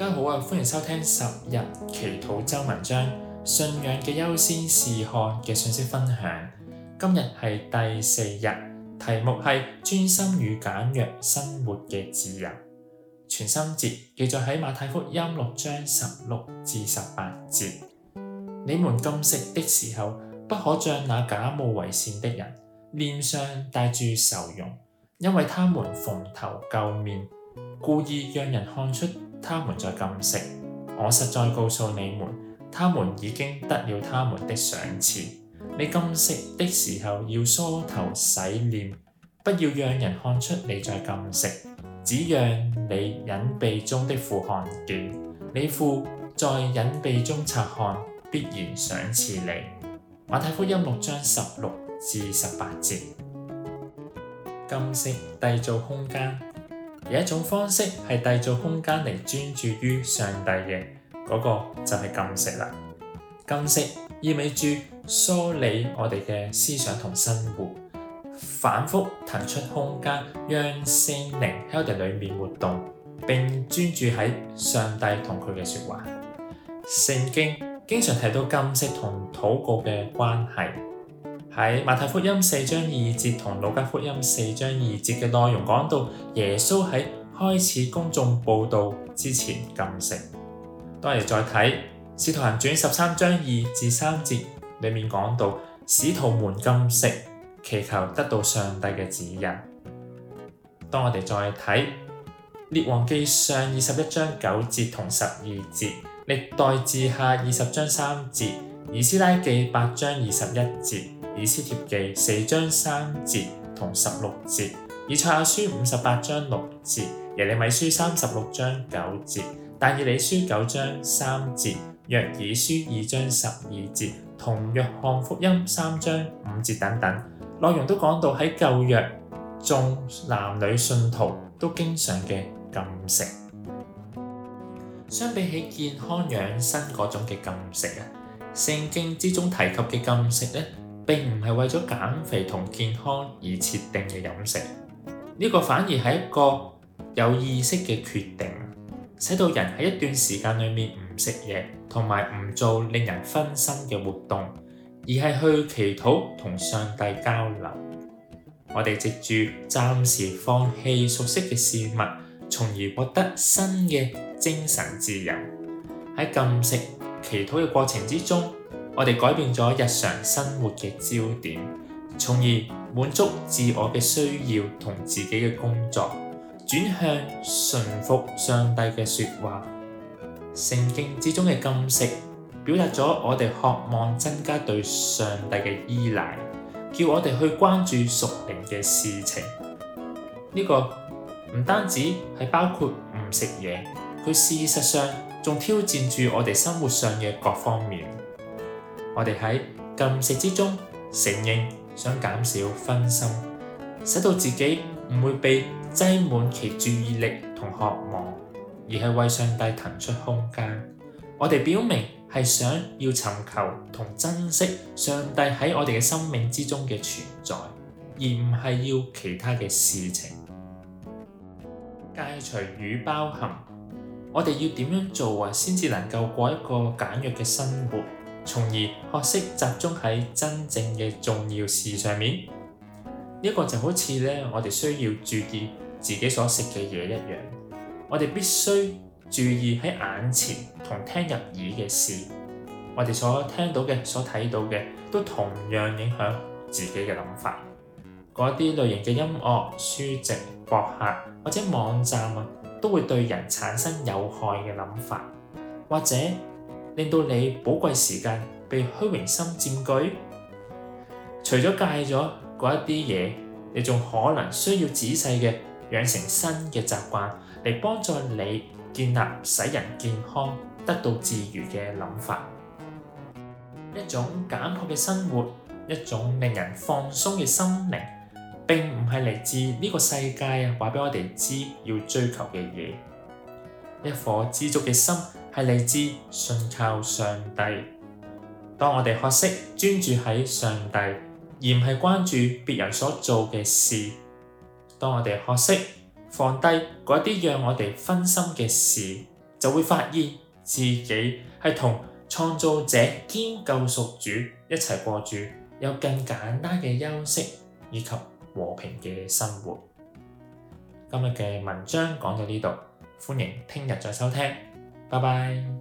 大家好啊！歡迎收聽十日祈禱週文章，信仰嘅優先試看嘅信息分享。今日係第四日，題目係專心於簡約生活嘅自由。存心節記載喺馬太福音六章十六至十八節。你們禁食的時候，不可像那假冒為善的人，臉上帶住愁容，因為他們蓬頭垢面，故意讓人看出。他們在禁食。我實在告訴你們，他們已經得了他們的賞賜。你禁食的時候要梳頭洗臉，不要讓人看出你在禁食，只讓你隱秘中的父看見。你父在隱秘中察看，必然賞賜你。馬太福音六章十六至十八節。禁食，製造空間。有一種方式係製造空間嚟專注於上帝嘅，嗰、那個就係禁食啦。禁食意味着梳理我哋嘅思想同生活，反覆騰出空間，讓聖靈喺我哋裏面活動，並專注喺上帝同佢嘅說話。聖經經常提到禁食同禱告嘅關係。喺馬太福音四章二節同路加福音四章二節嘅內容講到耶穌喺開始公眾佈道之前禁食。當我哋再睇使徒行傳十三章二至三節裏面講到使徒們禁食，祈求得到上帝嘅指引。當我哋再睇列王記上二十一章九節同十二節，歷代志下二十章三節，以斯拉記八章二十一節。以斯帖記四章三節同十六節，以賽亞書五十八章六節，耶利米書三十六章九節，但以理書九章三節，約珥書二章十二節，同約翰福音三章五節等等，內容都講到喺舊約中男女信徒都經常嘅禁食。相比起健康養生嗰種嘅禁食啊，聖經之中提及嘅禁食咧。並唔係為咗減肥同健康而設定嘅飲食，呢個反而係一個有意識嘅決定，使到人喺一段時間裏面唔食嘢同埋唔做令人分心嘅活動，而係去祈禱同上帝交流。我哋藉住暫時放棄熟悉嘅事物，從而獲得新嘅精神自由。喺禁食、祈禱嘅過程之中，我哋改變咗日常生活嘅焦點，從而滿足自我嘅需要同自己嘅工作，轉向順服上帝嘅說話。聖經之中嘅禁食，表達咗我哋渴望增加對上帝嘅依賴，叫我哋去關注屬靈嘅事情。呢、這個唔單止係包括唔食嘢，佢事實上仲挑戰住我哋生活上嘅各方面。我哋喺禁食之中承認，想減少分心，使到自己唔會被擠滿其注意力同渴望，而係為上帝騰出空間。我哋表明係想要尋求同珍惜上帝喺我哋嘅生命之中嘅存在，而唔係要其他嘅事情。戒除與包含，我哋要點樣做才先至能夠過一個簡約嘅生活？從而學識集中喺真正嘅重要事上面，這個就好似呢，我哋需要注意自己所食嘅嘢一樣。我哋必須注意喺眼前同聽入耳嘅事，我哋所聽到嘅、所睇到嘅，都同樣影響自己嘅諗法。嗰一啲類型嘅音樂、書籍、博客或者網站，都會對人產生有害嘅諗法，或者。令到你寶貴時間被虛榮心佔據，除咗戒咗嗰一啲嘢，你仲可能需要仔細嘅養成新嘅習慣嚟幫助你建立使人健康、得到治愈嘅諗法，一種簡樸嘅生活，一種令人放鬆嘅心靈，並唔係嚟自呢個世界啊，話俾我哋知要追求嘅嘢，一顆知足嘅心。是來自信靠上帝。當我哋學識專注喺上帝，而唔係關注別人所做嘅事；當我哋學識放低嗰一啲讓我哋分心嘅事，就會發現自己係同創造者兼救贖主一齊過住有更簡單嘅休息以及和平嘅生活。今日嘅文章講到呢度，歡迎聽日再收聽。拜拜。